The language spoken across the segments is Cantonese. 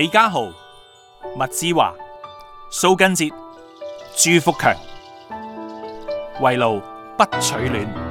李家豪、麥之華、蘇賡哲、朱福強，圍爐不取暖。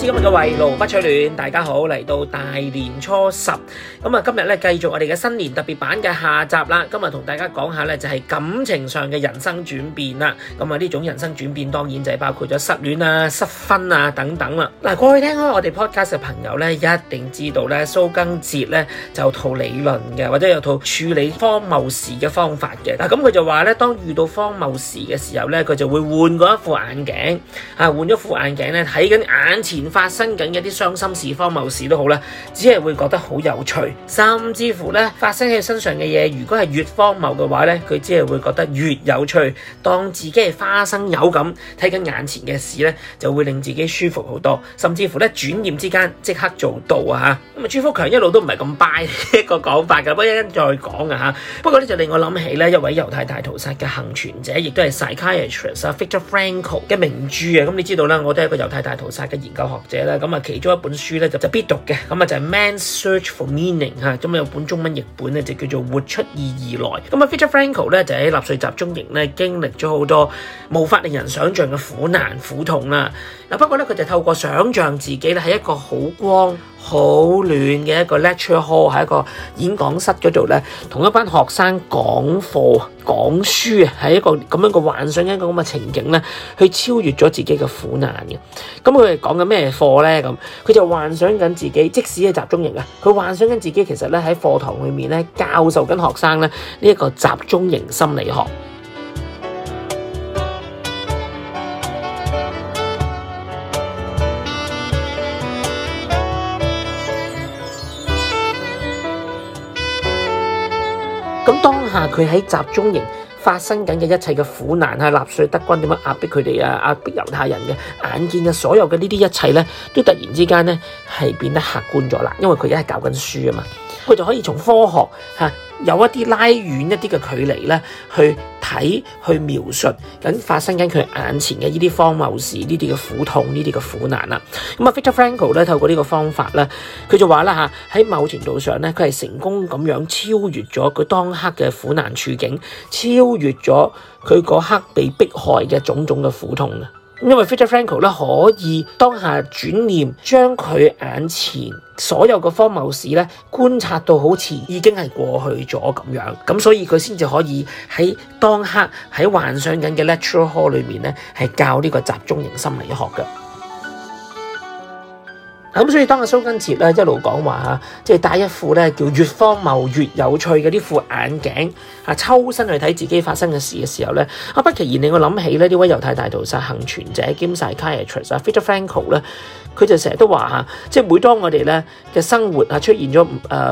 今今日嘅圍爐不取暖，大家好，嚟到大年初十，咁啊今日咧繼續我哋嘅新年特別版嘅下集啦。今日同大家講下咧，就係、是、感情上嘅人生轉變啦。咁啊呢種人生轉變當然就係包括咗失戀啊、失婚啊等等啦。嗱，過去聽開我哋 Podcast 嘅朋友咧，一定知道咧蘇賡哲咧就套理論嘅，或者有套處理荒謬事嘅方法嘅。嗱咁佢就話咧，當遇到荒謬事嘅時候咧，佢就會換過一副眼鏡啊，換咗副眼鏡咧，睇緊眼前發生緊嘅啲傷心事、荒謬事都好啦，只係會覺得好有趣，甚至乎咧發生喺佢身上嘅嘢，如果係越荒謬嘅話咧，佢只係會覺得越有趣。當自己係花生友咁睇緊眼前嘅事咧，就會令自己舒服好多，甚至乎咧轉念之間即刻做到啊嚇。咁啊，朱福強一路都唔係咁 buy 呢個講法嘅，我一陣再講啊嚇。不過咧就令我諗起咧一位猶太大屠殺嘅幸存者，亦都係 psychiatrist 啊，Victor Frankel 嘅名著啊。咁、嗯、你知道啦，我都係一個猶太大屠殺嘅研究。學者啦，咁啊其中一本書咧就就必讀嘅，咁啊就係、是《Man's Search for Meaning》嚇，咁啊有本中文譯本咧就叫做《活出意義來》。咁啊 Frier Franco 咧就喺納粹集中營咧經歷咗好多無法令人想象嘅苦難苦痛啦。嗱，不過咧，佢就透過想像自己咧，係一個好光好暖嘅一個 lecture hall，喺一個演講室嗰度咧，同一班學生講課講書啊，喺一個咁樣嘅幻想一個咁嘅情景咧，去超越咗自己嘅苦難嘅。咁佢哋講緊咩課咧？咁佢就幻想緊自己，即使係集中營啊，佢幻想緊自己其實咧喺課堂裏面咧教授緊學生咧呢一個集中營心理學。咁當下佢喺集中營發生緊嘅一切嘅苦難啊，納粹德軍點樣壓迫佢哋啊，壓迫猶太人嘅眼見嘅所有嘅呢啲一切咧，都突然之間咧係變得客觀咗啦，因為佢而家係搞緊書啊嘛。佢就可以從科學嚇、啊、有一啲拉遠一啲嘅距離咧，去睇去描述緊發生緊佢眼前嘅呢啲荒謬事、呢啲嘅苦痛、呢啲嘅苦難啦、啊。咁啊，Victor Franco 咧，透過呢個方法咧，佢就話啦嚇，喺某程度上咧，佢係成功咁樣超越咗佢當刻嘅苦難處境，超越咗佢嗰刻被迫害嘅種種嘅苦痛啊！因為 Victor Frankl 咧可以當下轉念，將佢眼前所有嘅荒謬事咧觀察到好似已經係過去咗咁樣，咁所以佢先至可以喺當刻喺幻想緊嘅 lecture hall 裏面咧係教呢個集中營心理學嘅。咁 所以當阿蘇賡哲咧一路講話吓，即係戴一副咧叫越荒謬越有趣嘅呢副眼鏡。啊！抽身去睇自己發生嘅事嘅時候咧，啊不期然令我諗起咧，呢位猶太大屠殺幸存者兼晒 c 曬卡耶特啊，費德弗恩科咧，佢就成日都話嚇，即係每當我哋咧嘅生活啊出現咗唔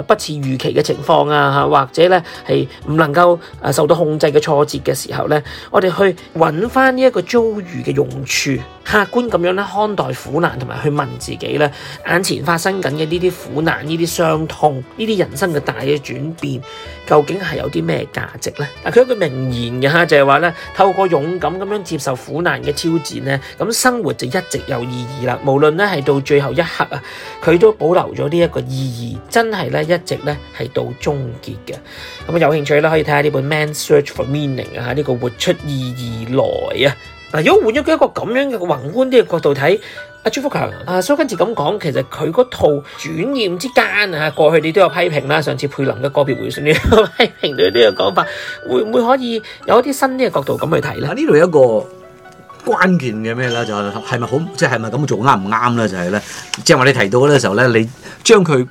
不似預期嘅情況啊，或者咧係唔能夠誒受到控制嘅挫折嘅時候咧，我哋去揾翻呢一個遭遇嘅用處，客觀咁樣咧看待苦難，同埋去問自己咧眼前發生緊嘅呢啲苦難、呢啲傷痛、呢啲人生嘅大嘅轉變，究竟係有啲咩價值咧，嗱，佢有句名言嘅吓，就係話咧，透過勇敢咁樣接受苦難嘅挑戰咧，咁生活就一直有意義啦。無論咧係到最後一刻啊，佢都保留咗呢一個意義，真係咧一直咧係到終結嘅。咁啊有興趣咧，可以睇下呢本《Man's Search for Meaning》啊，呢、呢個活出意義來啊。嗱，如果換咗佢一個咁樣嘅宏觀啲嘅角度睇，阿朱福強啊，蘇賡哲咁講，其實佢嗰套轉念之間啊，過去你都有批評啦，上次佩林嘅個別回信咧，批評咗呢個講法，會唔會可以有一啲新啲嘅角度咁去睇咧？呢度有一個關鍵嘅咩啦，就係係咪好，即係係咪咁做啱唔啱咧？就係咧，即係話你提到嗰陣時候咧，你將佢。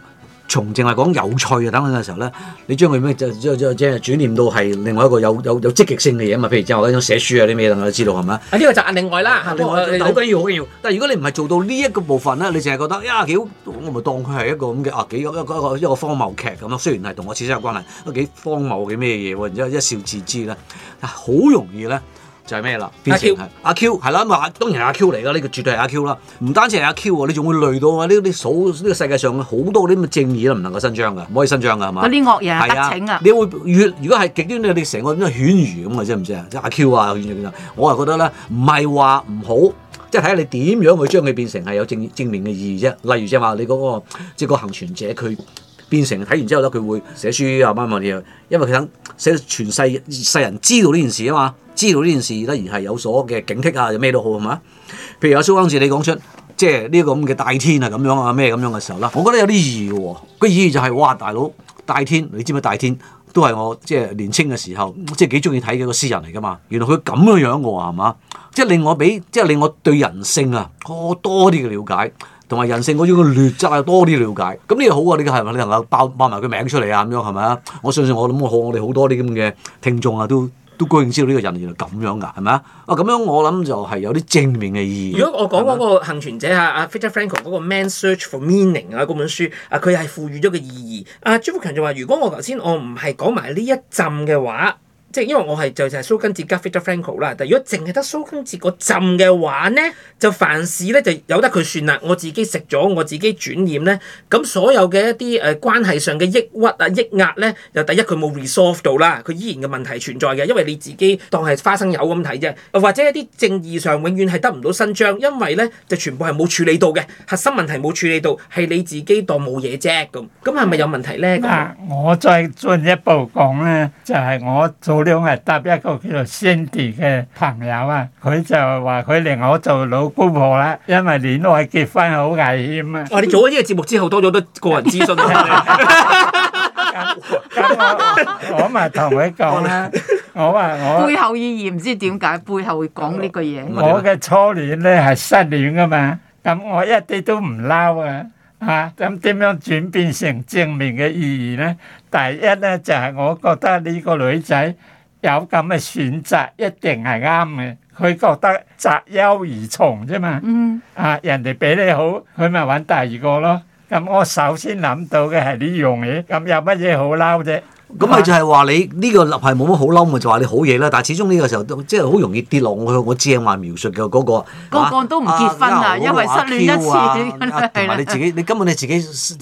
從正係講有趣嘅，等佢嘅時候咧，你將佢咩就就就即係轉念到係另外一個有有有積極性嘅嘢嘛？譬如之後嗰啲寫書啊啲咩，我都知道係咪啊？呢、這個就係另外啦，另外好緊要好緊要。要但係如果你唔係做到呢一個部分咧，你淨係覺得呀，其、啊、幾好。我咪當佢係一個咁嘅啊幾一個,一個,一,個,一,個一個荒謬劇咁咯。雖然係同我設身有關係，都幾荒謬嘅咩嘢喎？然之後一笑置之啦，好容易咧。就係咩啦？變成阿 A Q 係啦，當然阿 Q 嚟啦，呢個絕對係阿 Q 啦。唔單止係阿 Q 喎，你仲會累到啊！呢啲數呢、呢個世界上好多啲咁嘅正義都唔能夠伸張嘅，唔可以伸張嘅係嘛？嗰啲惡人係得逞啊！你會越如果係極端，你你成個犬儒咁嘅，知唔知啊？阿、即係、Q 啊，犬儒我係覺得咧，唔係話唔好，即係睇下你點樣去將佢變成係有正正面嘅意義啫。例如就話你嗰、嗰個即係、嗰個幸存者佢。變成睇完之後咧，佢會寫書啊，乜乜嘢？因為佢想寫全世世人知道呢件事啊嘛，知道呢件事咧而係有所嘅警惕啊，又咩都好係嘛？譬如阿蘇賡哲你講出即係呢個咁嘅戴天啊咁樣啊咩咁樣嘅時候啦，我覺得有啲意義喎、哦。個意義就係、是、哇，大佬戴天，你知唔知戴天都係我即係年青嘅時候即係幾中意睇嘅個詩人嚟㗎嘛。原來佢咁嘅樣㗎喎，係嘛？即係令我俾即係令我對人性啊多多啲嘅了解。同埋人性嗰種嘅劣質啊，多啲了解，咁呢個好啊！呢個係咪你是是能夠爆爆埋佢名出嚟啊？咁樣係咪啊？我相信我諗我我哋好多啲咁嘅聽眾啊，都都居然知道呢個人原來咁樣噶，係咪啊？啊咁樣我諗就係有啲正面嘅意義。如果我，我講嗰個幸存者啊，阿 f r e r Frankel 嗰個《Man's Search for Meaning》啊，嗰本書啊，佢係賦予咗個意義。阿朱福強就話：如果我頭先我唔係講埋呢一陣嘅話。即係因為我係就就係蘇賡哲加 Viktor Frankl 啦，但係如果淨係得蘇賡哲嗰浸嘅話咧，就凡事咧就由得佢算啦。我自己食咗，我自己轉念咧，咁所有嘅一啲誒關係上嘅抑鬱啊、抑壓咧，就第一佢冇 resolve 到啦，佢依然嘅問題存在嘅，因為你自己當係花生油咁睇啫，或者一啲正義上永遠係得唔到伸張，因為咧就全部係冇處理到嘅核心問題冇處理到，係你自己當冇嘢啫。咁咁係咪有問題咧？嗱，我再進一步講咧，就係我做。我係搭一個叫做 Cindy 嘅朋友啊，佢就話佢令我做老姑婆啦，因為戀愛結婚好危險啊！我哋做咗呢個節目之後，多咗都個人諮詢啊！咁我我咪同佢講啦，我話我背後意義唔知點解，背後會講呢個嘢。我嘅初戀咧係失戀噶嘛，咁我一啲都唔嬲啊！啊，咁點樣轉變成正面嘅意義咧？第一咧就係我覺得呢個女仔。有咁嘅選擇一定係啱嘅，佢覺得擇優而從啫嘛。嗯、啊，人哋比你好，佢咪揾第二個咯。咁、嗯、我首先諗到嘅係呢樣嘢，咁、嗯、有乜嘢好嬲啫？咁咪就係話你呢個立係冇乜好嬲嘛？就話你好嘢啦。但係始終呢個時候即係好容易跌落去。我之前話描述嘅嗰、嗰個，啊、個個都唔結婚啊，呃、因為失戀一次，同埋、啊啊、你自己，你根本你自己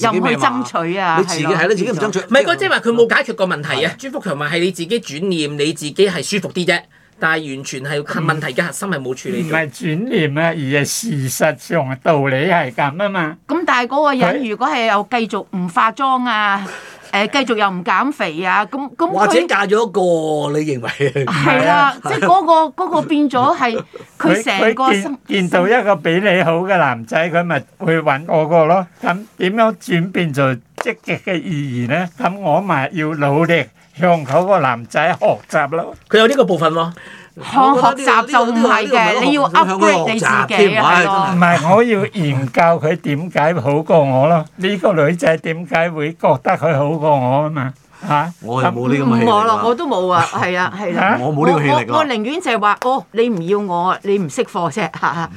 又唔去爭取啊，你自己係咯，的自己唔的爭取。唔係的不即係話佢冇解決過問題啊。的朱福強話係你自己轉念，你自己係舒服啲啫。但係完全係問題嘅核心係冇處理。唔係、嗯、轉念啊，而係事實上嘅道理係咁啊嘛。咁但係嗰個人如果係又繼續唔化妝啊？誒、呃、繼續又唔減肥啊！咁咁或者嫁咗一個，你認為係？係啦、啊，啊、即係嗰、那個嗰 變咗係佢成個心見。見到一個比你好嘅男仔，佢咪會搵我個咯？咁點樣轉變做積極嘅意義咧？咁我咪要努力向嗰個男仔學習咯。佢有呢個部分喎。學學習就唔係嘅，你要 upgrade 你自己唔係我，我要研究佢點解好過我咯？呢個女仔點解會覺得佢好過我啊嘛？嚇！我又冇呢咁氣力喎！我都冇啊，係啊，係啦！我冇呢個氣力㗎。我我寧願就係話，哦，你唔要我，你唔識貨啫嚇、啊啊！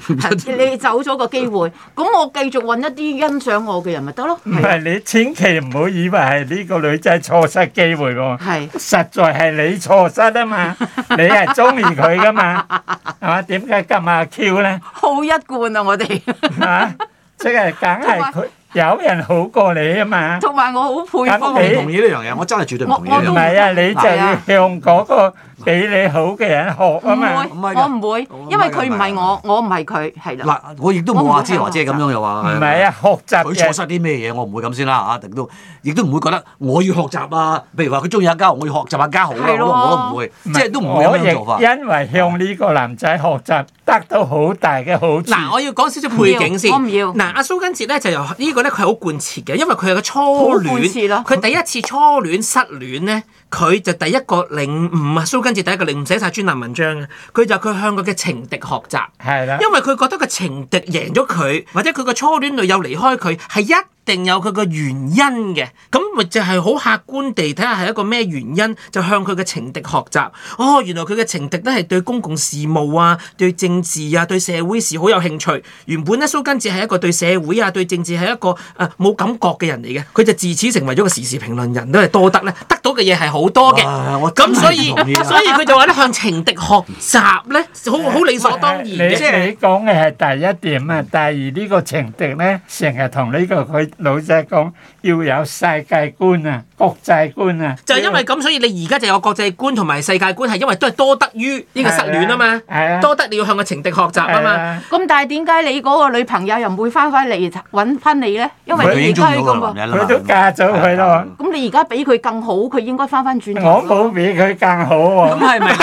你走咗個機會，咁我繼續揾一啲欣賞我嘅人咪得咯。唔係、啊、你千祈唔好以為係呢個女仔錯失機會喎、啊。係是。實在係你錯失啊嘛！你係中意佢㗎嘛？係嘛？ 點解咁啊 Q 咧？好一貫啊！我哋嚇、 啊，即係梗係佢。有人好過你啊嘛？同埋我好佩服你。我唔同意呢樣嘢，我真係絕對唔同意我。我唔係啊，你就係是、啊、向嗰、嗰個。俾你好嘅人學啊嘛，我唔會，因為佢唔係我，我唔係佢，係啦。嗱，我亦都冇話之華姐咁樣又話。唔係啊，學習佢錯失啲咩嘢，我唔會咁先啦嚇，亦都亦都唔會覺得我要學習啊。譬如話佢中意阿嘉豪，我要學習阿嘉豪，我都唔會，即係都唔會咁樣做法。因為向呢個男仔學習得到好大嘅好處。嗱，我要講少少背景先。我唔要。嗱，阿蘇賡哲咧就由呢個咧佢係好貫徹嘅，因為佢係個初戀。貫徹咯。佢第一次初戀失戀咧。佢就第一個領悟啊，蘇賡哲第一個領悟寫晒專欄文章啊，佢就佢向佢嘅情敵學習，係啦，因為佢覺得個情敵贏咗佢，或者佢個初戀女友離開佢係一定有佢個原因嘅，咁咪就係好客觀地睇下係一個咩原因，就向佢嘅情敵學習。哦，原來佢嘅情敵咧係對公共事務啊、對政治啊、對社會事好有興趣。原本咧，蘇賡哲係一個對社會啊、對政治係一個誒冇、呃、感覺嘅人嚟嘅，佢就自此成為咗個時事評論人，都係多得咧得到嘅嘢係好多嘅。咁所以 所以佢就話咧，向情敵學習咧，好好理所當然，即係你你講嘅係第一點啊，第二呢個情敵咧，成日同呢個佢。老細講要有世界觀啊，國際觀啊，就係因為咁，所以你而家就有國際觀同埋世界觀，係因為都係多得於呢個失戀啊嘛，多得你要向個情敵學習啊嘛。咁的但係點解你嗰個女朋友又唔會翻返嚟搵翻你咧？因為你、那個、已經中意個男人啦，佢都嫁咗佢咯。咁的你而家比佢更好，佢應該翻翻轉。我冇比佢更好喎，啊。咁係咪？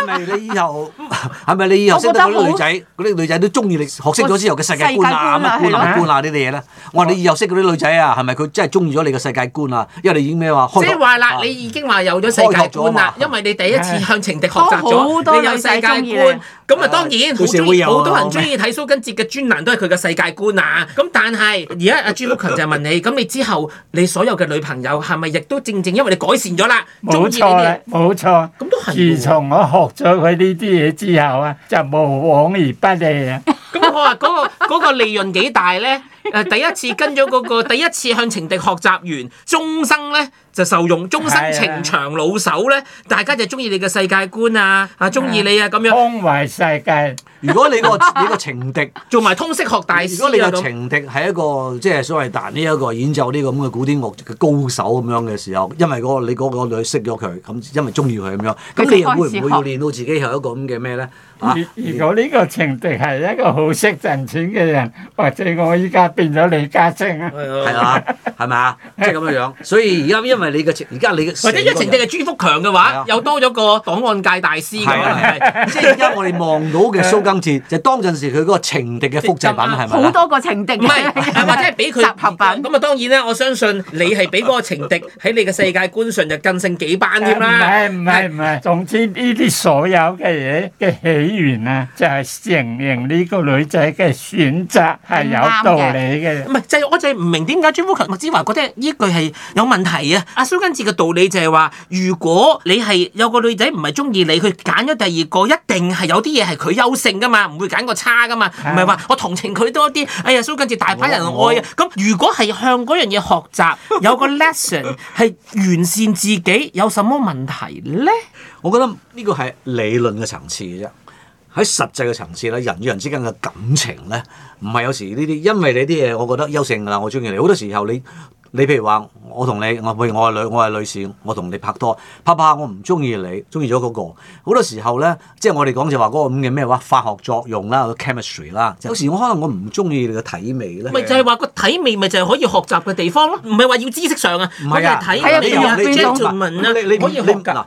係咪你以後，係咪你以後識得啲女仔，嗰啲女仔都中意你？學識咗之後嘅世界觀啊，咩觀唸觀唸呢啲嘢咧？我是話你以後識嗰啲女仔啊，係咪佢真係中意咗你嘅世界觀啊？因為你已經咩話？即係話啦，你已經話有咗世界觀啦，因為你第一次向情敵學習咗， 好多有世界觀。咁啊、嗯，當然好、啊、多人中意睇蘇賡哲嘅專欄，都係佢嘅世界觀啊！咁、嗯、但係而家阿朱福強就問你，咁 你之後你所有嘅女朋友係咪亦都正正因為你改善咗啦？冇錯啦，冇錯。咁都係。嗯、自從我學咗佢呢啲嘢之後啊，就無往而不利啊！咁 我話嗰、嗰個嗰個利潤幾大咧？誒、啊、第一次跟咗嗰、那個，第一次向情敵學習完，終生咧就受用，終生情場老手咧，大家就中意你嘅世界觀啊，啊，中意你啊咁樣。通為世界， 如果你個呢個情敵 做埋通識學大師，如果你個情敵係一個即係、就是、所謂彈呢、這、一個演奏呢個咁嘅古典樂嘅高手咁樣嘅時候，因為嗰、那個、你嗰個女識咗佢，咁因為中意佢咁樣，咁你又會唔會要練到自己係一個咁嘅咩咧？啊、如果呢個情敵係一個好識賺錢嘅人，或者我依家。變咗李家清啊，係嘛？係咪啊？即係咁樣樣，所以而家因為你嘅情，而家你或者一情敵係朱福強嘅話，又多咗個檔案界大師咁啊！即係而家我哋望到嘅蘇賡哲，就當陣時佢嗰個情敵嘅複製品係咪？好多個情敵唔係，或者係俾佢集合翻。咁啊，當然咧，我相信你係俾嗰個情敵喺你嘅世界觀上就更勝幾班添啦。唔係唔係唔係，總之呢啲所有嘅嘢嘅起源啊，就係承認呢個女仔嘅選擇係有道理。唔係，就係、是、我就係唔明點解朱福強麥之華覺得呢句係有問題啊！阿蘇賡哲嘅道理就係話，如果你係有個女仔唔係中意你，佢揀咗第二個，一定係有啲嘢係佢優勝噶嘛，唔會揀個差噶嘛。唔係話我同情佢多啲。哎呀，蘇賡哲大把人愛啊！咁如果係向嗰樣嘢學習，有個 lesson 係 完善自己，有什麼問題咧？我覺得呢個係理論嘅層次啫。喺實際嘅層次咧，人與人之間嘅感情咧，唔係有時呢啲，因為你啲嘢，我覺得優勝噶啦，我中意你。好多時候你，你譬如話，我同你，我譬如我係女，我係女士，我同你拍拖，拍拍我唔中意你，中意咗嗰個。好多時候咧，即係我哋講就話嗰個咁嘅咩話化學作用啦，chemistry 啦。有時我可能我唔中意你嘅體味咧。咪就係話個體味咪就係可以學習嘅地方咯。唔係話要知識上啊，我係睇你嘅。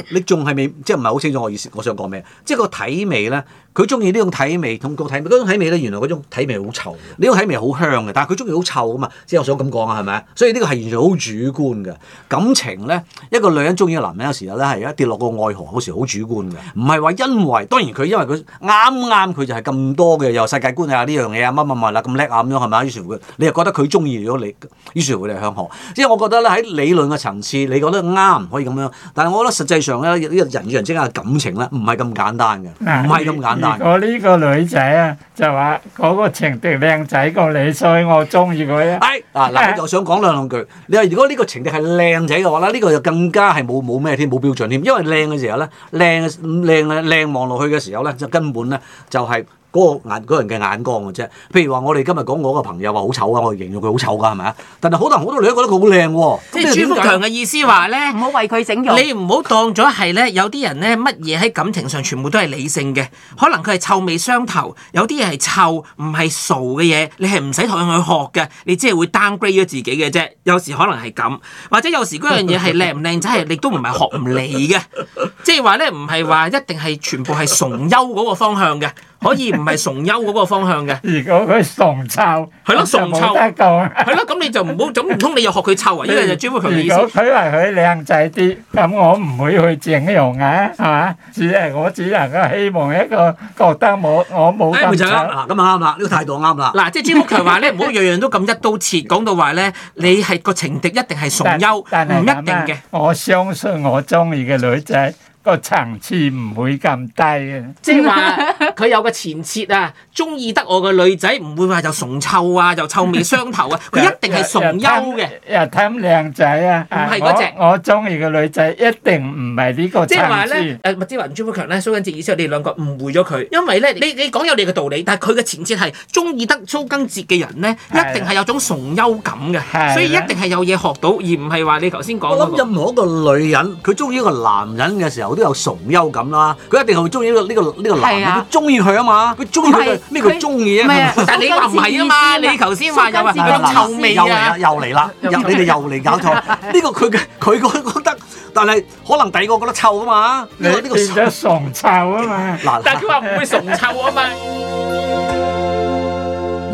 你仲係未即係唔係好清楚我意思，我想講咩？即係個體味咧。佢中意呢種體味，同個體味，嗰種體味咧，原來嗰種體味好臭。呢種體味好香嘅，但係佢中意好臭噶嘛？即係我想咁講啊，係咪？所以呢個係完全好主觀嘅感情咧。一個女人中意個男人有時候咧，係一跌落個愛河，嗰時好主觀嘅，唔係話因為當然佢因為佢啱啱佢就係咁多嘅又世界觀啊，呢樣嘢啊，乜乜乜啦，咁叻啊，咁樣係咪啊？於是乎佢你又覺得佢中意如果你，於是乎你係香河。即係我覺得咧，喺理論嘅層次，你覺得啱可以咁樣，但係我覺得實際上咧，呢個人與人之間嘅感情咧，唔係咁簡單嘅，唔係咁簡單。嗯我呢個女仔啊，就話嗰個情敵靚仔過你，所以我中意佢啊。係啊、哎，嗱，我就、嗯、想講兩兩句。你話如果呢個情敵係靚仔嘅話咧，呢、呢個就更加係冇冇咩添，冇標準添。因為靚嘅時候咧，靚靚嘅靚望落去嘅時候咧，就根本咧就係、係。嗰個眼嗰人嘅眼光嘅啫，譬如話我哋今日講我個朋友話好醜啊，我形容佢好醜噶係咪啊？但係好多好多女都覺得佢好靚喎。即係是朱福強嘅意思話咧，唔好為佢整容。你唔好當咗係咧，有啲人咧乜嘢喺感情上全部都係理性嘅，可能佢係臭味相投，有啲嘢係臭唔係傻嘅嘢，你係唔使同佢去學嘅，你只係會 downgrade 咗自己嘅啫。有時可能係咁，或者有時嗰樣嘢係靚唔靚仔係你都唔係學唔嚟嘅， 即係話咧唔係話一定係全部係崇優嗰個方向嘅。可以唔係崇優嗰個方向嘅，如果佢崇臭，係咯崇臭，係咯，咁你就唔好，總唔通你又學佢臭啊？呢個就朱福強嘅意思。如果佢話佢靚仔啲，咁我唔會去整容啊，係嘛？只係我只能夠希望一個覺得我我冇咁臭。啱啦、哎，呢、就是啊啊呢個態度啱啦、啊。嗱即係朱福強話咧，唔好樣樣都咁一刀切。講到話咧，你係個情敵一定係崇優，唔 但 一定嘅。Mm, 我相信我中意嘅女仔。 個層次唔會咁低啊！即係話佢有個前設啊，中意得我個女仔唔會話就崇臭啊，就臭味相投啊，佢 一定係崇優嘅。睇咁靚仔啊！唔係嗰隻，我中意嘅女仔一定唔係呢個層次。即係話咧，誒、啊，即係話麥之華、朱福強咧，蘇賡哲意思係你哋兩個誤會咗佢，因為咧，你你講有你嘅道理，但係佢嘅前設係中意得蘇賡哲嘅人咧，一定係有種崇優感嘅，的所以一定係有嘢學到，而唔係話你頭先講。我諗任何一個女人佢中意一個男人嘅時候。都有崇優感啦，佢一定好中意呢個呢個男嘅，佢中意佢啊嘛，佢中意佢咩？叫中意啊！但你話唔係啊嘛，你頭先話有啲人臭味啊！又嚟啦，你哋又嚟搞錯，呢個佢嘅佢覺得，但係可能第二個覺得臭啊嘛，呢個崇臭啊嘛，但係佢話唔會崇臭啊嘛。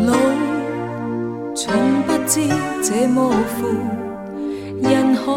不不知人海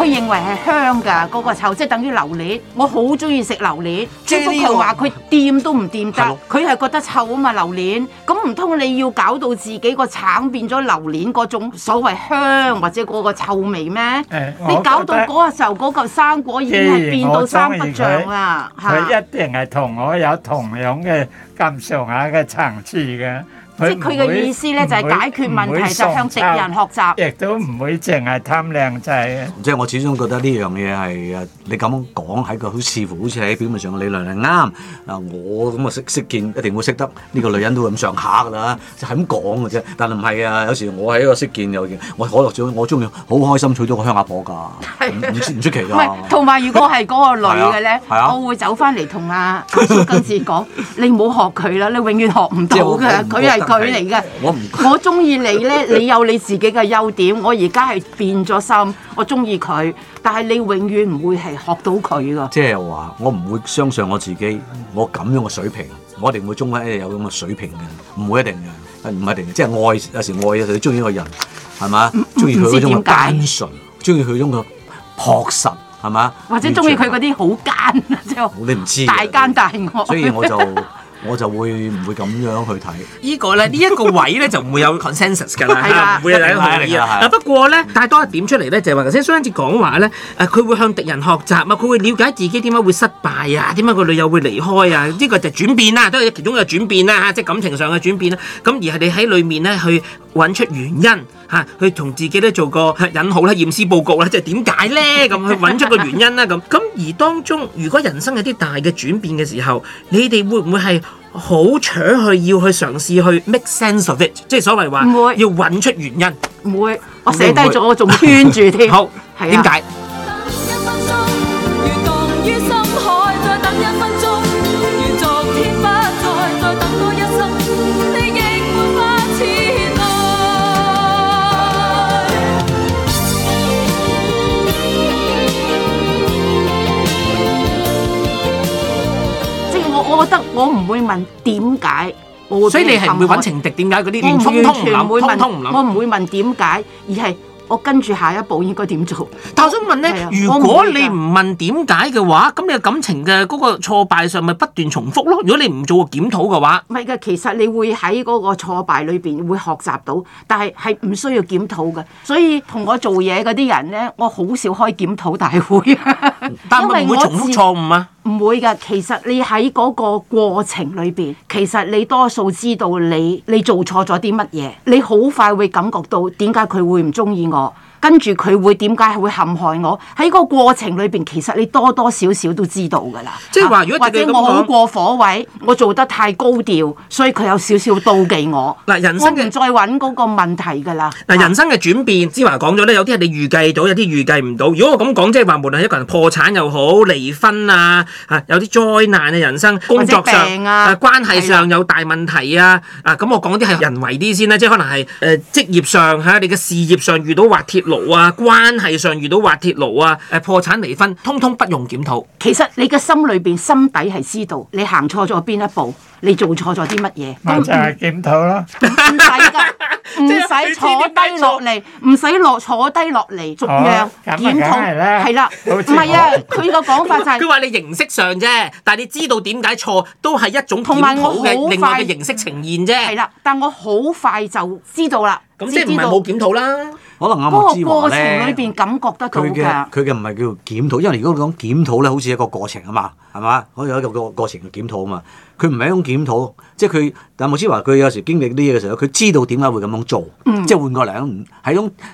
佢認為係香㗎，個、嗰個臭即係等於榴蓮。我槤好中意食榴蓮。朱福佢話佢掂都唔掂得，佢係覺得臭啊嘛榴蓮。咁唔通你要搞到自己個橙變咗榴蓮嗰種所謂香或者嗰個臭味咩？哎、你搞到嗰個時候，嗰嚿生果已經變到三不像啦。佢、哎、一定係同我有同樣嘅咁上下嘅層次嘅。即係佢嘅意思咧，就係解決問題就向敵人學習，亦都唔會淨係貪靚仔。 即係我始終覺得呢樣嘢係啊，你咁講喺個好似乎好似喺表面上嘅理論係啱啊！我咁啊識識見，一定會識得呢、呢個女人都咁上下㗎啦，就係咁講嘅啫。但係唔係啊？有時我係一個識見又見，我可樂咗，我中意好開心娶咗個鄉下婆㗎，唔出 奇㗎。同埋 如果係嗰個女嘅咧， 啊啊、我會走翻嚟同阿阿叔根講 你唔好學佢啦，你永遠學唔到㗎。佢係。佢嚟嘅，我唔不，我中意你咧， 你有你自己嘅優點，我而家係變咗心，我中意佢，但係你永遠唔會係學到佢㗎。即係話，我唔會相信我自己，我咁樣嘅水平，我一定會中意有咁嘅水平嘅，唔會一定嘅，唔一定嘅。即係愛，有時愛啊，就中意一個人係嘛，中意佢嗰種單純，中意佢嗰種嘅樸實係嘛，或者中意佢嗰啲好奸即上你唔知？大奸大惡。所以我就。 我就會唔會咁樣去睇？呢個咧，呢一個位咧就唔會有 consensus 㗎啦，唔會有第一個同意啦。嗱，不過咧，帶多一點出嚟咧，就係話頭先雙子講話咧，誒，佢會向敵人學習嘛，佢會瞭解自己點解會失敗啊，點解個女友會離開啊？呢個就轉變啦，都係其中嘅轉變啦，即係感情上嘅轉變啦。咁而係你喺裏面咧去。揾出原因嚇，去同自己咧做個引號啦、驗屍報告啦，即係點解咧？咁去揾出個原因啦。咁咁而當中，如果人生有啲大嘅轉變嘅時候，你哋會唔會係好搶去要去嘗試去 make sense of it？即係所謂話，唔會要揾出原因，唔會。我寫低咗，我仲圈住添。好，係點解？我覺得我唔會問點解，所以你係唔會揾情敵點解嗰啲通通唔諗，我唔會問點解，而係我跟住下一步應該點做。但係我想問咧，如果你唔問點解嘅話，咁你嘅感情嘅嗰個挫敗上咪不斷重複咯？如果你唔做檢討嘅話，唔係噶，其實你會喺嗰個挫敗裏邊會學習到，但係係唔需要檢討嘅。所以同我做嘢嗰啲人咧，我好少開檢討大會，但係我唔會重複錯誤啊。唔會㗎，其實你喺嗰個過程裏面，其實你多數知道你你做錯咗啲乜嘢，你好快會感覺到點解佢會唔鍾意我。跟住佢會點解係會陷害我？喺個過程裏邊，其實你多多少少都知道㗎啦。即係話，如果或者我過火位，說我做得太高調，所以佢有少少妒忌我。嗱，人生嘅再揾嗰個問題㗎啦。嗱，人生嘅轉變，之華講咗咧，有啲人你預計到，有啲預計唔到。如果我咁講，即係話，無論係一個人破產又好，離婚啊，嚇、啊、有啲災難嘅人生，工作上病啊，啊，關係上有大問題啊，的啊咁、啊、我講啲係人為啲先啦，即係哼可能係誒職業上嚇，你嘅事業上遇到滑鐵路啊，關係上遇到滑鐵盧啊，誒、啊、破產離婚，通通不用檢討。其實你嘅心裏邊心底係知道你行錯咗邊一步，你做錯咗啲乜嘢，咪就係檢討啦。唔使噶，唔使坐低落嚟，唔使落坐低落嚟，逐樣檢討。係啦、哦，唔係啊。佢了個講法就係佢話你形式上啫，但係你知道點解錯都係一種檢討嘅另外嘅形式呈現啫。係啦，但我好快就知道啦。咁即係唔係冇檢討啦？可能我程阿麥之華咧的，佢嘅佢嘅唔係叫檢討，因為如果講檢討咧，好似一個過程啊嘛，係嘛？可以有一個過程嘅檢討啊嘛。佢唔係一種檢討，即係佢。但麥之華佢有時經歷啲嘢嘅時候，佢知道點解會咁樣做，嗯、即係換過嚟都係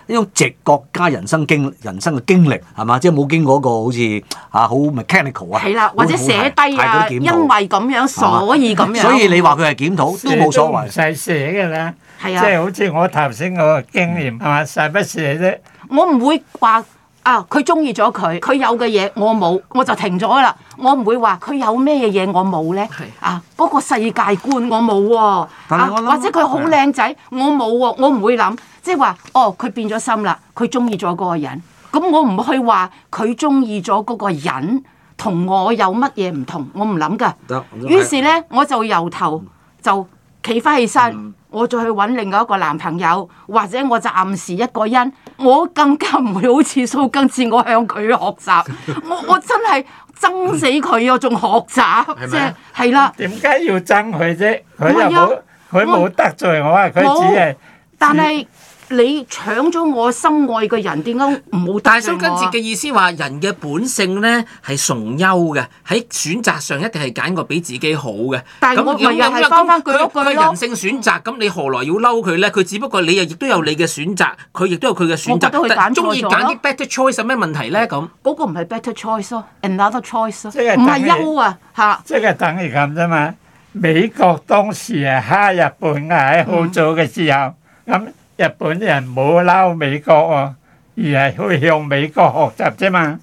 一種直覺加人生經人生嘅經歷係嘛？即係冇經過一個好似啊好 mechanical 啊，係啦的，或者寫低啊，很因為咁樣所以咁樣。所以，所以你話佢係檢討都冇所謂，唔使寫嘅啦。即係好似我頭先嗰個經驗係嘛，時不時啫。我唔會話啊，佢中意咗佢，佢、啊、有嘅嘢，我冇，我就停咗啦。我唔會話佢有咩嘢我冇咧。係的啊，個世界觀我冇喎、哦啊。或者佢好靚仔，我冇喎，我唔會諗，即係話哦，佢變咗心啦，佢中意咗嗰個人。咁我唔去話佢中意咗嗰個人同我有乜嘢唔同，我唔諗噶。得行。於是咧，是的我就由頭就。企翻起身，我再去搵另外一個男朋友，或者我暫時一個人，我更加唔會好似蘇賡哲，我向佢學習。我我真係憎死佢啊！仲學習，即係係啦。點解、啊、了要憎佢啫？佢又冇，佢冇我得罪我，佢只係，但係。你搶咗我心愛嘅人，點解唔好？但係蘇賡哲嘅意思話，人嘅本性咧係崇優嘅，喺選擇上一定係揀個比自己好嘅。但係我咪又係講翻佢一句咯。佢人性選擇，咁、嗯、你何來要嬲佢咧？佢只不過你又亦都有你嘅選擇，佢亦都有佢嘅選擇。我覺得佢揀錯咗咯。中意揀啲 better choice 有咩問題咧？咁嗰、嗯、個唔係 better choice 咯，another choice。咯、啊。即、啊、係等啊嚇！即係等於咁啫嘛。美國當時係哈日本啊！好早嘅時候咁。嗯日本人冇嬲美國啊，而係去向美國學習啫嘛，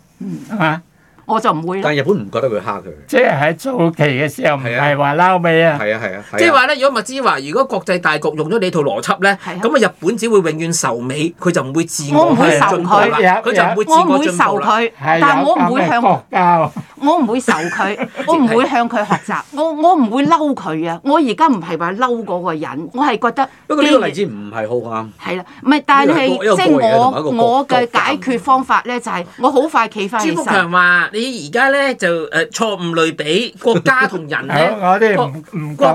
係嘛？ 我就唔會，但日本唔覺得佢蝦佢，即係喺早期嘅時候唔係話撈尾啊，係啊係啊，即係話咧，如果麥之華如果國際大局用咗你套邏輯咧，咁啊日本只會永遠受美，佢就唔會自我進步啦。佢就唔會自我進步，但係我唔會向教，我唔會受佢，我唔會向佢學習，我我唔會嬲佢啊！我而家唔係話嬲嗰個人，我係覺得。不過呢個例子唔係好啱。係啦，唔係，但係即係我我嘅解決方法咧，就係我好快企翻起身。朱福強嘛？你而家咧就誒錯誤類比國家同人咧，國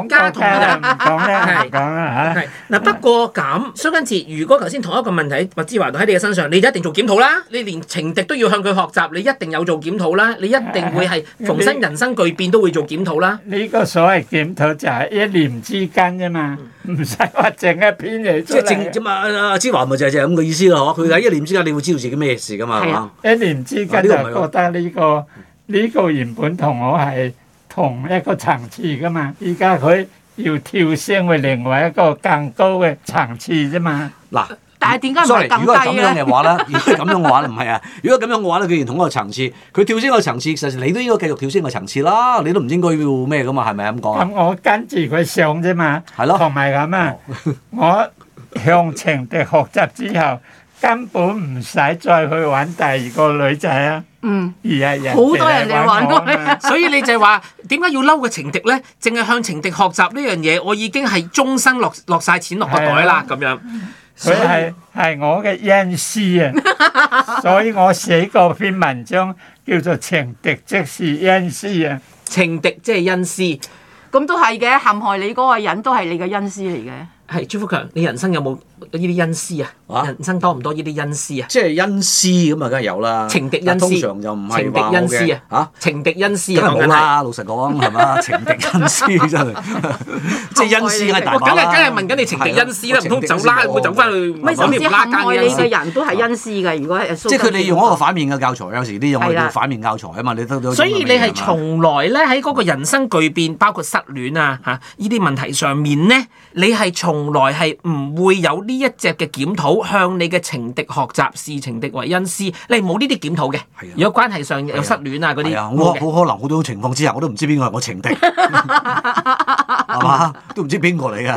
家同人講啦嚇。嗱不過咁，蘇賡哲，如果頭先同一個問題，麥之華喺你嘅身上，你一定做檢討啦。你連情敵都要向佢學習，你一定有做檢討啦。你一定會係逢身人生巨變都會做檢討啦。呢個所謂檢討就係一念之間啫嘛，唔使話整一篇嚟出嚟啫嘛。阿阿之華咪就係咁嘅意思咯，佢喺一念之間，你會知道自己咩事噶嘛？一念之間就覺得呢個。呢個原本同我係同一個層次噶嘛，而家佢要跳升去另外一個更高嘅層次啫嘛。嗱喏，但係點解唔係？如果係咁樣嘅話咧， 如果係咁樣嘅話，唔係啊。如果咁樣嘅話咧，既然同一個層次，佢跳升個層次，其實你都應該繼續跳升個層次啦。你都唔應該要咩噶嘛？係咪啊？咁講咁我跟住佢上啫嘛。係咯，同埋咁啊， 我向情敵學習之後。根本唔使再去玩第二個女仔啊！嗯，而係好多人就玩過， 所以你就話點解要嬲個情敵咧？淨係向情敵學習呢樣嘢，我已經係終生落落曬錢落個袋啦。咁的樣佢係係我嘅恩師啊，所以我寫過篇文章叫做情敵《情敵即是恩師》啊。情敵即係恩師，咁都係嘅，陷害你嗰個人都係你嘅恩師嚟嘅。係朱福強，你人生有冇？呢啲恩師啊，人生多唔多呢啲恩師啊？即係恩師咁啊，梗係有啦。情敵恩師，通常就唔係話我嘅。嚇，情敵恩師梗係啦，老實講係嘛？情敵恩師真係，即係恩師梗係。梗係梗係問緊你情敵恩師啦，唔通走啦會走翻去。唔係，唔知暗愛你嘅人都係恩師嘅。如果係蘇生，即係佢哋用嗰個反面嘅教材，有時啲用嗰個反面教材啊嘛。你都所以你係從來咧喺嗰個人生巨變，包括失戀啊嚇呢啲問題上面咧，你係從來係唔會有。呢一隻嘅檢討，向你嘅情敵學習，視情敵為恩師。你冇呢啲檢討嘅，如果關係上有失戀啊嗰啲，好可能好多情況之下，我都唔知邊個係我情敵，係嘛？都唔知邊個嚟㗎，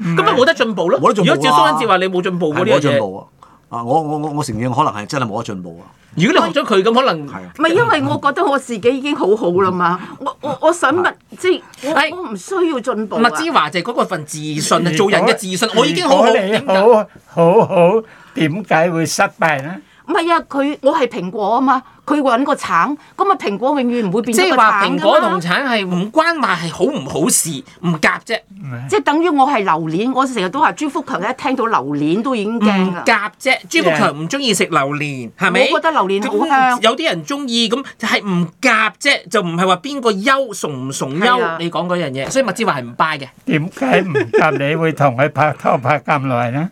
咁咪冇得進步咯。如果照蘇賡哲話，你冇進步嗰啲嘢。啊！我我我我承認可能係真係冇得進步啊！如果你學咗佢咁，可能係啊，唔係因為我覺得我自己已經好好啦嘛，我我我想密，即係我唔需要進步啊！麥之華就嗰個份自信啊，做人嘅自信，我已經好好點解？好好點解會失敗咧？唔係啊！佢我係蘋果啊嘛～佢揾個橙，咁啊蘋果永遠唔會變。即係話蘋果同橙係唔關話係好唔好事，唔夾啫。嗯、即係等於我係榴蓮，我成日都話朱福強一聽到榴蓮都已經驚啊！夾啫，Yeah. 朱福強唔中意食榴蓮，係咪？我覺得榴蓮好香。嗯、有啲人中意咁，係唔夾啫，就唔係話邊個優，崇唔崇優？啊、你講嗰樣嘢，所以麥之華係唔 buy 嘅。點解唔夾？你會同佢拍拖拍咁耐咧？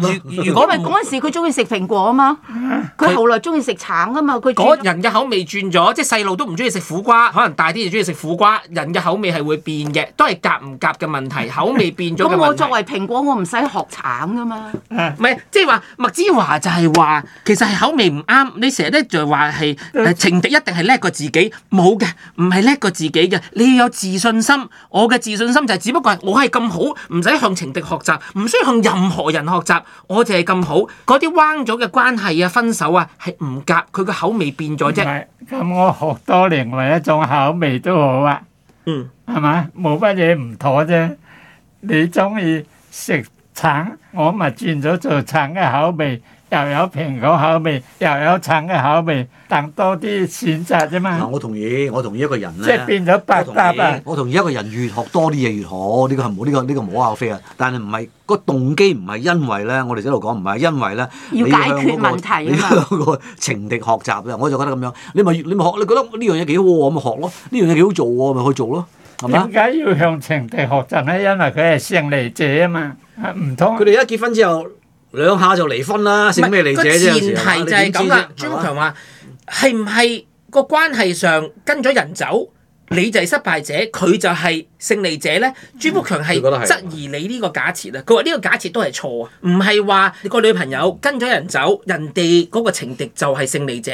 如如果咪嗰陣時佢中意食蘋果啊嘛，佢後來中意食橙啊嘛，佢人嘅口味轉咗，即係細路都唔中意食苦瓜，可能大啲就中意食苦瓜，人嘅口味係會變嘅，都係夾唔夾嘅問題，口味變咗。咁 我作為蘋果，我唔使學橙㗎嘛，唔係即係話麥之華就係話其實係口味唔啱，你成日咧就話係情敵一定係叻過自己，冇嘅，唔係叻過自己嘅，你要有自信心。我嘅自信心就係只不過係我係咁好，唔使向情敵學習，唔需要向任何人學習。我就係咁好，嗰啲彎咗嘅關係啊、分手啊，係唔夾佢個口味變咗啫。咁我學多年，每一種口味都好啊。嗯，係嘛、嗯？冇乜嘢唔妥啫。你中意食橙，我咪轉咗做橙嘅口味。又有蘋果口味，又有橙嘅口味，但多啲選擇啫嘛。嗱，我同意，我同意一個人咧，即係變咗百搭啊！我同意一個人越學多啲嘢越好，呢個係冇呢個呢個冇話費啊！但係唔係個動機唔係因為咧，我哋一路講唔係因為咧，要解決問題，你向嗰個你向嗰個情敵學習嘅，我就覺得咁樣，你咪你咪學，你覺得呢樣嘢幾好喎，咁咪學咯，呢樣嘢幾好做喎，咪去做咯，係咪啊？點解要向情敵學習咧？因為佢係勝利者啊嘛！啊，唔通佢哋一結婚之後？兩下就離婚啦，是咩利者啫？個前提就係咁啦。朱福強話係唔係個關係上跟咗人走，吧你就係失敗者，佢就係勝利者呢。」朱福強係質疑你呢個假設啦。佢話呢個假設都係錯啊，唔係話個女朋友跟咗人走，人哋嗰個情敵就係勝利者。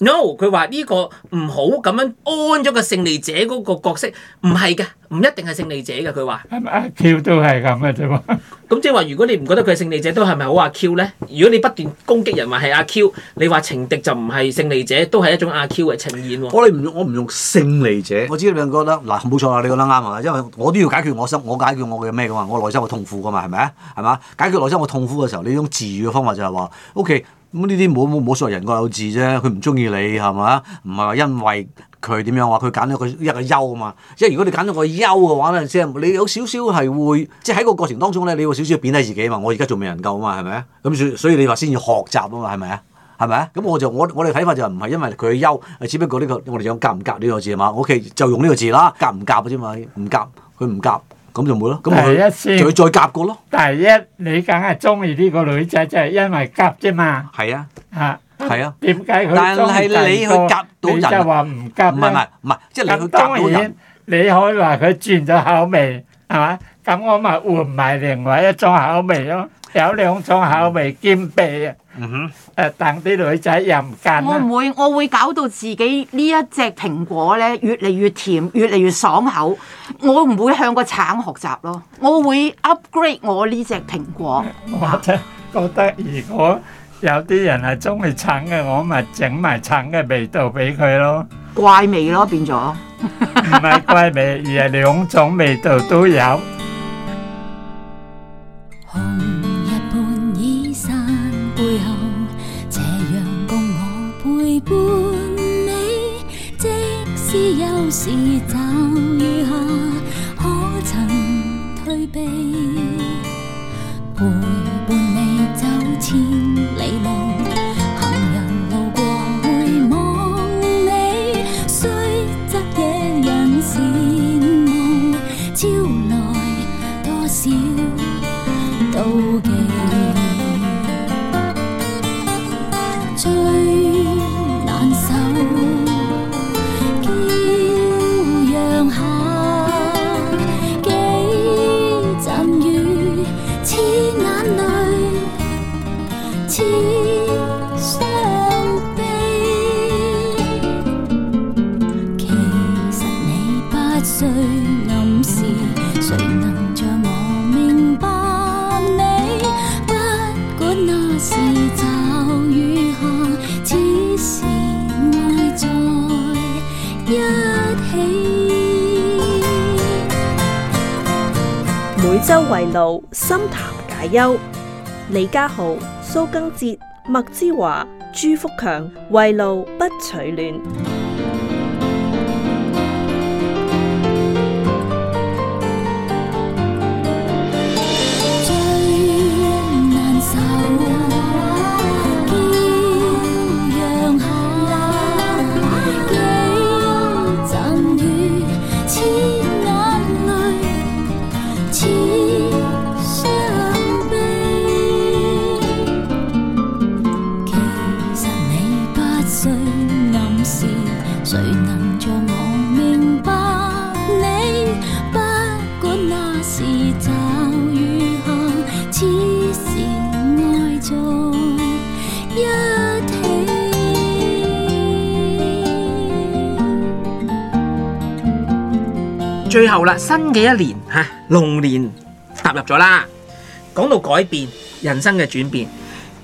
no，佢話呢個唔好咁樣安咗個勝利者嗰個角色，唔係嘅，唔一定係勝利者嘅。佢話係咪阿 Q 都係咁嘅，啫？係咁即係話，如果你唔覺得佢係勝利者，都係咪好阿 Q 咧？如果你不斷攻擊人，話係阿 Q，你話情敵就唔係勝利者，都係一種阿、啊、Q 嘅呈現。嗯、我哋唔我唔用勝利者。我知道你哋覺得嗱，冇錯啦，你覺得啱啊，因為我都要解決我心，我解決我嘅咩噶嘛，我內心嘅痛苦噶嘛，係咪啊？係嘛？解決內心我痛苦嘅時候，你用治愈嘅方法就係話，OK。咁呢啲冇冇冇所謂人各有志啫，佢唔中意你係咪？唔係話因為佢點樣話，佢揀咗佢一個優啊嘛。即係如果你揀咗個優嘅話咧，即係你有少少係會，即係喺個過程當中咧，你會少少貶低自己啊嘛。我而家仲未人夠啊嘛，係咪啊？咁所以所以你話先要學習啊嘛，係咪啊？係咪啊？咁我就我我哋睇法就唔係因為佢優，誒只不過呢個我哋想夾唔夾呢個字係嘛？O K 就用呢個字啦，夾唔夾啫嘛？唔夾佢唔夾。合咁就冇咯，咁佢，仲要再夾過咯。第一，你梗係中意呢個女仔，即係因為夾啫嘛。係啊，係啊。點解佢？但係你去夾到人，你就話唔夾。唔係唔係，唔係，即係當然。你可以話佢轉咗口味，係嘛？咁我咪換埋另外一種口味咯。有兩種口味兼備啊！嗯哼，誒、uh huh. 啊、等啲女仔又唔近。我唔會，我會搞到自己一隻蘋呢一隻蘋果咧，越嚟越甜，越嚟越爽口。我唔會向個橙學習咯，我會 upgrade 我呢隻蘋果。我真覺得，如果有啲人係中意橙嘅，我咪整埋橙嘅味道俾佢咯。怪味咯，變咗。唔 係怪味，而係兩種味道都有。是驟雨下，可曾退避？ 李家豪、蘇賡哲、麥之華、朱福強，圍爐不取暖。新嘅一年嚇、啊，龍年踏入咗啦。講到改變人生嘅轉變，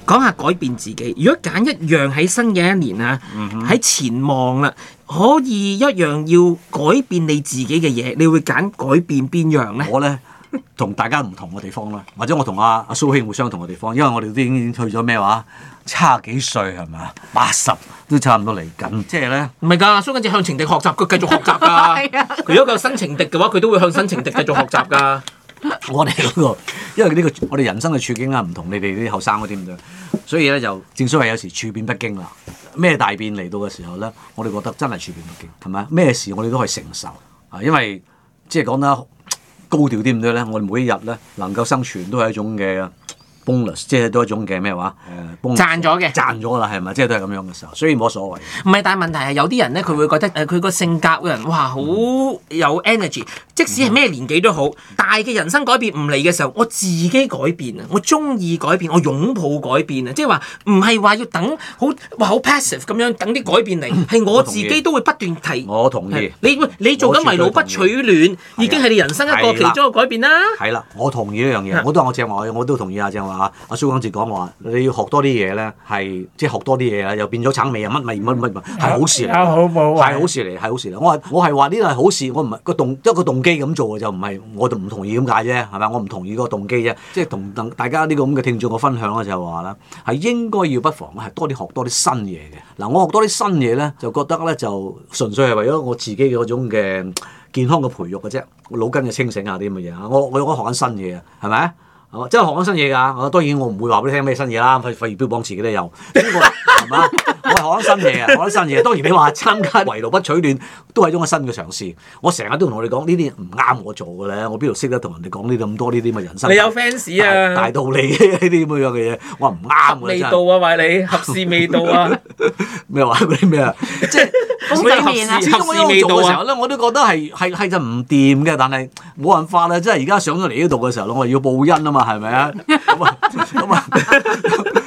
講下改變自己。如果揀一樣喺新嘅一年啊，喺、嗯、哼前望啦，可以一樣要改變你自己嘅嘢，你會揀改變邊樣呢？我呢，同大家唔同嘅地方啦， 或者我同阿阿蘇兄會相同嘅地方，因為我哋都已經去咗咩話？差啊幾歲係嘛？八十都差唔多嚟緊，即係咧。唔係噶，蘇賡哲向情敵學習，佢繼續學習噶。佢 如果佢有新情敵嘅話，佢都會向新情敵繼續學習噶。 我哋嗰、這個，因為呢、這個我哋人生嘅處境啦，唔同你哋啲後生嗰啲咁樣，所以咧就正所謂有時處變不驚啦。咩大變嚟到嘅時候咧，我哋覺得真係處變不驚，係咪？咩事我哋都可以承受啊！因為即係講得高調啲咁多咧，我哋每一日咧能夠生存都係一種嘅。Bonus，即係多一種嘅咩話誒？Uh，賺咗嘅賺咗啦，係咪？即係都係咁樣嘅時候，所以冇所謂。唔係，但係問題係有啲人咧，佢會覺得誒，佢、呃、個性格人哇，好有 energy。即使係咩年紀都好，大嘅人生改變唔嚟嘅時候，我自己改變啊，我中意改變，我擁抱改變啊，即係話唔係話要等好話好 passive 咁樣等啲改變嚟，係 我，意我自己都會不斷提。我同意。你你做緊埋勞不取亂，已經係你人生一個其中一個改變啦。係啦，我同意呢樣嘢，我都我正愛，我都同意啊。阿、啊、蘇賡哲講我話，你要學多啲嘢咧，係即係學多啲嘢啊，又變咗橙味、嗯、啊，乜味、乜乜乜，係好事嚟，係好事嚟，係好事嚟。我話我係話呢個係好事，我唔係個動一個動機咁做嘅，就唔係我就唔同意咁解啫，係咪我唔同意個動機啫。即係同大家呢個咁嘅聽眾嘅分享咧，就話啦，係應該要不妨係多啲學多啲新嘢嘅。嗱、啊，我學多啲新嘢咧，就覺得咧就純粹係為咗我自己嘅嗰種嘅健康嘅培育嘅啫，腦筋嘅清醒下啲咁嘅嘢啊。我我我學緊新嘢啊，係咪？係嘛？即係學咗新嘢㗎。我當然我唔會話俾你聽咩新嘢啦。廢廢紙標榜自己都有。係嘛？我係學咗新嘢啊！學咗新嘢。當然你話參加圍爐不取暖都係一種新嘅嘗試。我成日都同我哋講呢啲唔啱我做嘅咧。我邊度識得同人哋講呢咁多呢啲咁嘅人生？你有 fans 啊？大道理呢啲咁樣嘅嘢，我話唔啱味道啊，喂你合適味道啊？咩話？嗰啲咩啊？即係。好正面時啊！因為我喺做嘅時候咧，我都覺得係係係就唔掂嘅，但係冇辦法啦，即係而家上咗嚟呢度嘅時候我又要報恩啊嘛，係咪啊？咁啊咁啊，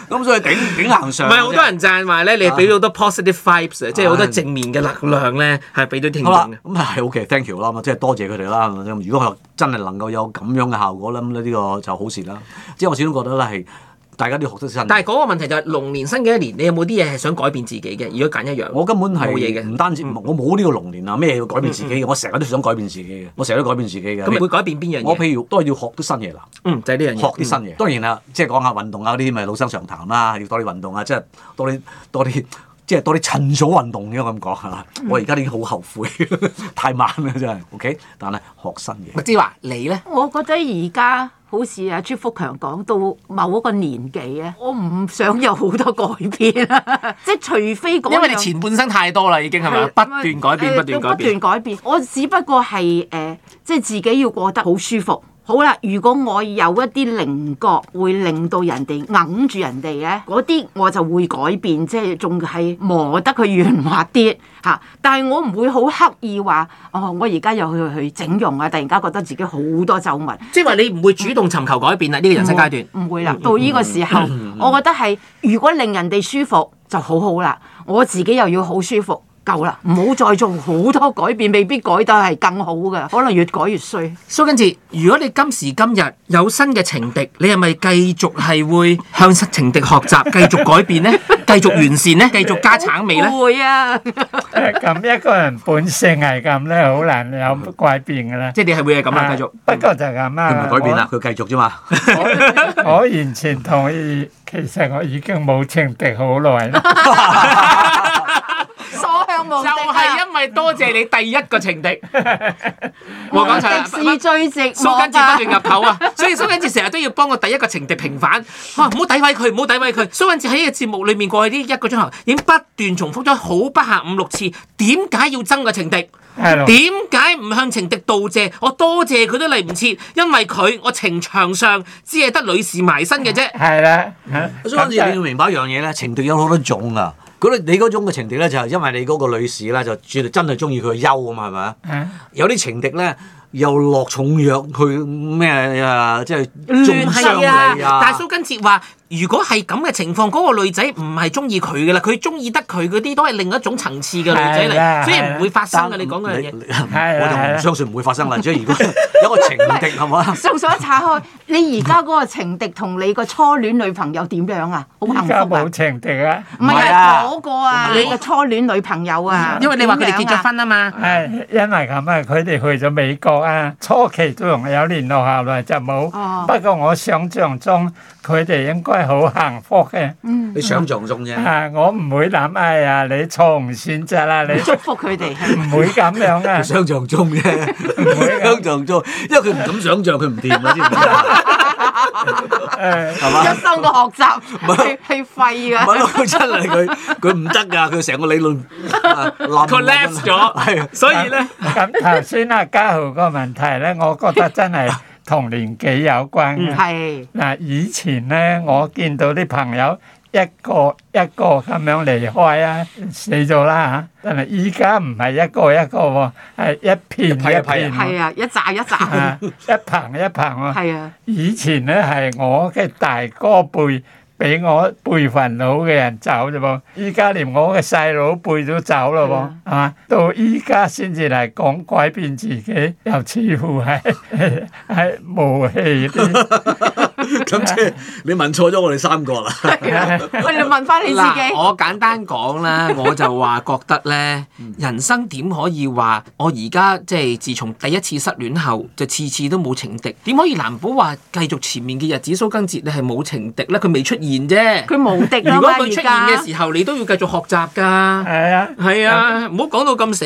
咁所以頂頂硬上。唔係好多人讚話咧，啊、你俾咗好多 positive vibes、啊、即係好多正面嘅力量咧，係俾到聽眾。咁啊係、嗯、OK，thank、okay, you 啦，咁即係多謝佢哋啦。咁如果佢真係能夠有咁樣嘅效果咧，咁呢個就好事啦。即係我始終覺得咧係。大家都要學識新。但係嗰個問題就係、是、龍年新嘅一年，你有冇啲嘢係想改變自己嘅？如果揀一樣，我根本係冇嘢嘅。唔單止，我冇呢個龍年啊，咩要改變自己嘅？嗯嗯嗯，我成日都想改變自己嘅，我成日都改變自己嘅。佢、嗯、如會改變邊樣嘢？我譬如都係要學啲新嘢啦、嗯。就係、是、呢樣嘢。學啲新嘢，嗯、當然啦，即係講下運動啊嗰啲，咪老生常談啦、啊，要多啲運動啊，即、就、係、是、多啲多啲。多即係多啲趁早運動咯，咁講係嘛？我而家已經好後悔， 太慢啦真係。OK，但係學新嘢。唔知、啊、你咧？我覺得而家好似阿朱福強講到某一個年紀咧，我唔想有好多改變啦、啊。 即係除非講因為你前半生太多啦，已經係咪？是不，是是不斷改變，不斷改變。呃、不斷改變，我只不過係誒、呃，即係自己要過得好舒服。好啦，如果我有一啲棱角，會令到人哋揞住人哋咧，嗰啲我就會改變，即係仲係磨得佢圓滑啲嚇。但係我唔會好刻意話，哦，我而家又去去整容啊！突然間覺得自己好多皺紋，即係話你唔會主動尋求改變啦，呢、嗯、個人生階段唔會啦。到呢個時候， 我覺得係如果令人哋舒服就好好啦，我自己又要好舒服。夠啦，唔好再做好多改變，未必改得係更好噶，可能越改越衰。蘇賡哲，如果你今時今日有新嘅情敵，你係咪繼續係會向新情敵學習，繼續改變呢？繼續完善呢？繼續加橙味呢？會啊，咁 一個人本性係咁呢，好難有改變噶啦。 即係你係會係咁啊？繼續。不過就係咁啊，佢唔改變啦，佢繼我續啫嘛 我完全同意，其實我已經冇情敵好耐啦。 就係因為多謝，謝你第一個情敵 我，我極是追職，蘇賡哲不斷入口啊！ 所以蘇賡哲成日都要幫我第一個情敵平反。唔好詆毀佢，唔好詆毀佢。蘇賡哲喺呢個節目裡面過去呢一個鐘頭，已經不斷重複咗好不下五六次。點解要憎個情敵？點解唔向情敵道謝？我多謝佢都嚟唔切，因為佢我情場上只係得女士埋身嘅啫。係啦，嗯、蘇、嗯、你要明白一樣嘢咧，情敵有好多種啊。嗰你嗰種嘅情敵咧，就係因為你嗰個女士啦，就絕對真係中意佢優啊嘛，係咪啊？嗯、有啲情敵咧。又落重藥去咩啊？即係仲傷你啊！但係蘇賡哲話：如果係咁嘅情況，嗰個女仔唔係中意佢嘅啦，佢中意得佢嗰啲都係另一種層次嘅女仔嚟，所以唔會發生嘅。你講嗰嘢，我就唔相信唔會發生啦。即係如果有個情敵係嘛？數數一查開，你而家嗰個情敵同你個初戀女朋友點樣啊？好幸福啊！而家冇情敵啊？唔係啊，嗰個啊，你個初戀女朋友啊，因為你話佢哋結咗婚啊嘛。係因為咁啊，佢哋去咗美國。啊！初期都仲有聯絡下來，就冇。不過我想像中，佢哋應該好幸福嘅。嗯，你想像中啫。啊，我唔會諗，哎呀，你錯誤選擇啦，你祝福佢哋，唔會咁樣啊。想像中啫，唔會想像中，因為佢唔敢想像，佢唔掂啊，知唔知啊？係嘛？一生嘅學習，唔係係廢嘅。唔係咯，出嚟佢佢唔得㗎，佢成個理論 collapse 咗。係，所以咧，咁頭先阿家豪講。個問題咧，我覺得真係同年紀有關。係嗱 是，以前咧，我見到啲朋友一個一個咁樣離開啊，死咗啦嚇！但係依家唔係一個一個喎，係一片一片，係啊，一扎一扎， 一棚一棚啊。係啊，以前咧係我嘅大哥輩。俾我輩份老嘅人走啫噃，依家連我嘅細佬輩都走啦喎，啊，係咪？到依家先至嚟講改變自己，又似乎係係無氣啲。 咁即係你問錯咗我哋三個啦。我哋問翻你自己。我簡單講啦，我就話覺得咧，人生點可以話我而家即係自從第一次失戀後，就次次都冇情敵。點可以難保話繼續前面嘅日子？蘇賡哲你係冇情敵咧，佢未出現啫。佢冇敵。如果佢出現嘅時候， 你都要繼續學習㗎。係啊，係啊，唔好講到咁死，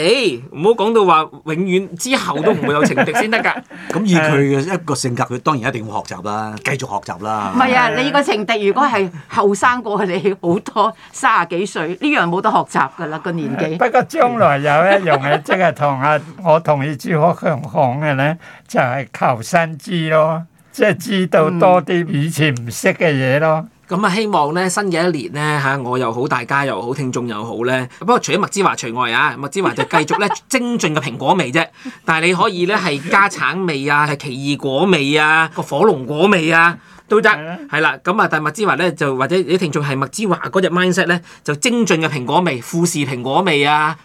唔好講到話永遠之後都唔會有情敵先得㗎。咁以佢嘅一個性格，佢當然一定會學習啦，繼續。學習啦！唔係啊，啊你個情敵如果係後生過你好多， 三啊幾歲呢樣冇得學習㗎啦，個年紀。不過將來有一樣嘢，即係同阿我同阿朱福強講嘅咧，就係、是、求新知咯，即、就、係、是、知道多啲以前唔識嘅嘢咯。嗯。咁啊，希望咧新嘅一年咧嚇，我又好，大家又好，聽眾又好咧。不過除咗麥之華除外啊，麥之華就繼續咧精進嘅蘋果味啫。但係你可以咧係加橙味啊，係奇異果味啊，個火龍果味啊都得係啦。咁啊的，但麥之華咧就或者你聽眾係麥之華嗰隻 mindset 咧，就精進嘅蘋果味、富士蘋果味啊，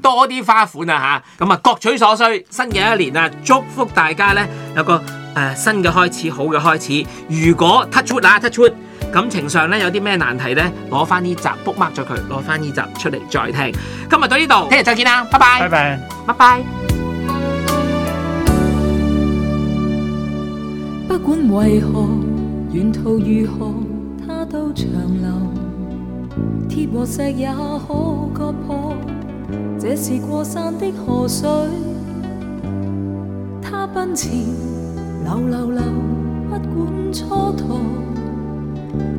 多啲花款啊嚇。咁啊，各取所需。新嘅一年啊，祝福大家咧有個誒新嘅開始，好嘅開始。如果 touch wood touch wood 感情上咧有啲咩難題咧，攞翻呢集卜 m 咗佢，攞翻呢集出嚟再聽。今日到呢度，聽日再見啦，拜拜，拜拜 bye，拜拜 bye。不管為何，沿途如何，他都長留。鐵和石也好割破，這是過山的河水。它奔前流流流，不管蹉跎。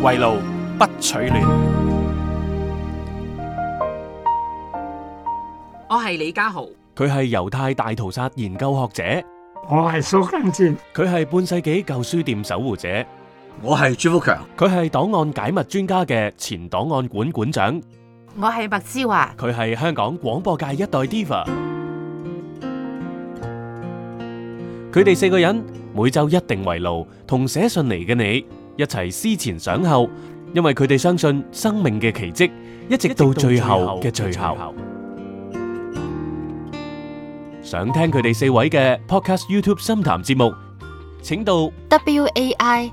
圍爐不取暖，我係李家豪，佢係猶太大屠殺研究學者，我係蘇賡哲，佢係半世紀舊書店守護者。我係朱福強，佢係檔案解密專家嘅前檔案館館長。我係麥之華，佢係香港廣播界一代 Diva。佢哋四個人每周一定圍爐同寫信嚟嘅你一齊思前想後，因為佢哋相信生命嘅奇迹，一直到最後嘅最後。想聽佢哋四位嘅 Podcast YouTube 深談節目，請到 W A I。